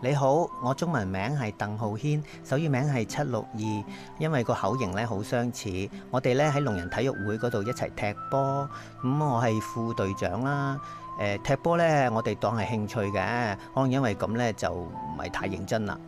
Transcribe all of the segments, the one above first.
你好，我中文名係鄧浩軒，手語名係七六二，因為個口型咧好相似。我哋咧喺聾人體育會嗰度一齊踢波，咁我係副隊長啦。誒，踢波呢，我哋當係興趣嘅，可能因為咁呢，就唔係太認真啦。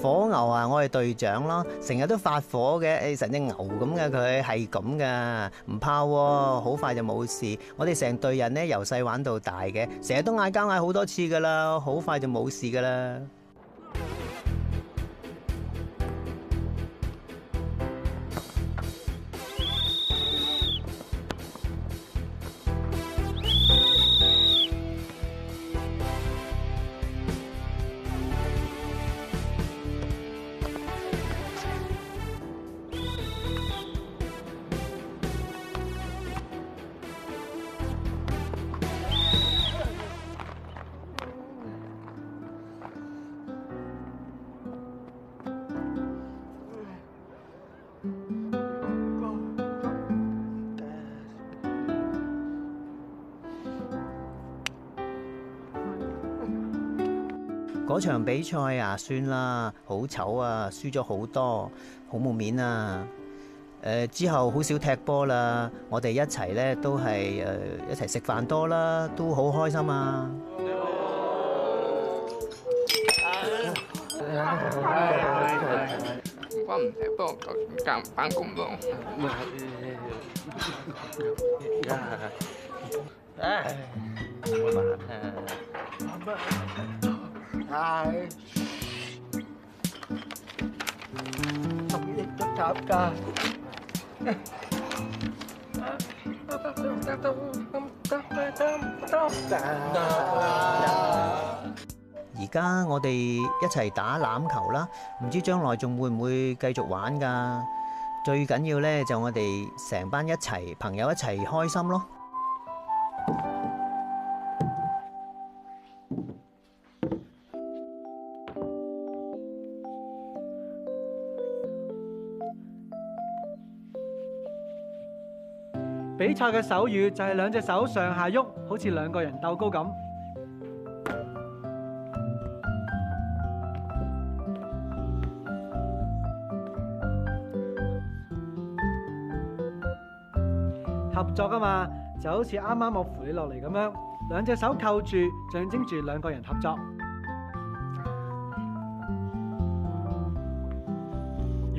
火牛啊！我係隊長咯，成日都發火嘅，成隻牛咁嘅，佢係咁噶，唔怕喎，好快就冇事。我哋成隊人咧由細玩到大嘅，成日都嗌交嗌好多次噶啦，好快就冇事噶啦。嗰場比賽啊，算啦，好醜啊，輸咗好多，好冇面啊！誒，之後好少踢波啦，我哋一齊咧都係誒一齊食飯多啦，都好開心啊！二，三，四，五，六，七，八，九，十。而家我哋一齊打籃球啦，唔知將來仲會唔會繼續玩㗎？最緊要呢就我哋成班一齊朋友一齊開心囉。比賽嘅手語就係兩隻手上下喐，好似兩個人鬥高咁。合作啊嘛，就好似啱啱我扶你落嚟咁樣，兩隻手扣住，象徵住兩個人合作。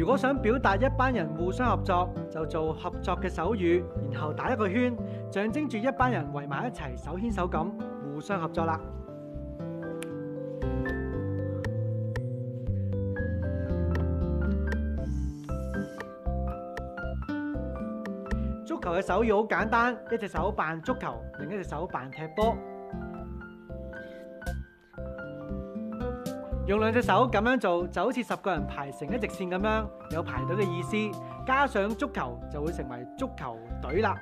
如果想表達一班人互相合作，就做合作嘅手語，然後打一個圈，象徵住一班人圍埋一齊，手牽手咁互相合作啦。足球嘅手語好簡單，一隻手扮足球，另一隻手扮踢波。用兩隻手咁樣做，就好似十個人排成一直線咁樣，有排隊嘅意思。加上足球，就會成為足球隊啦。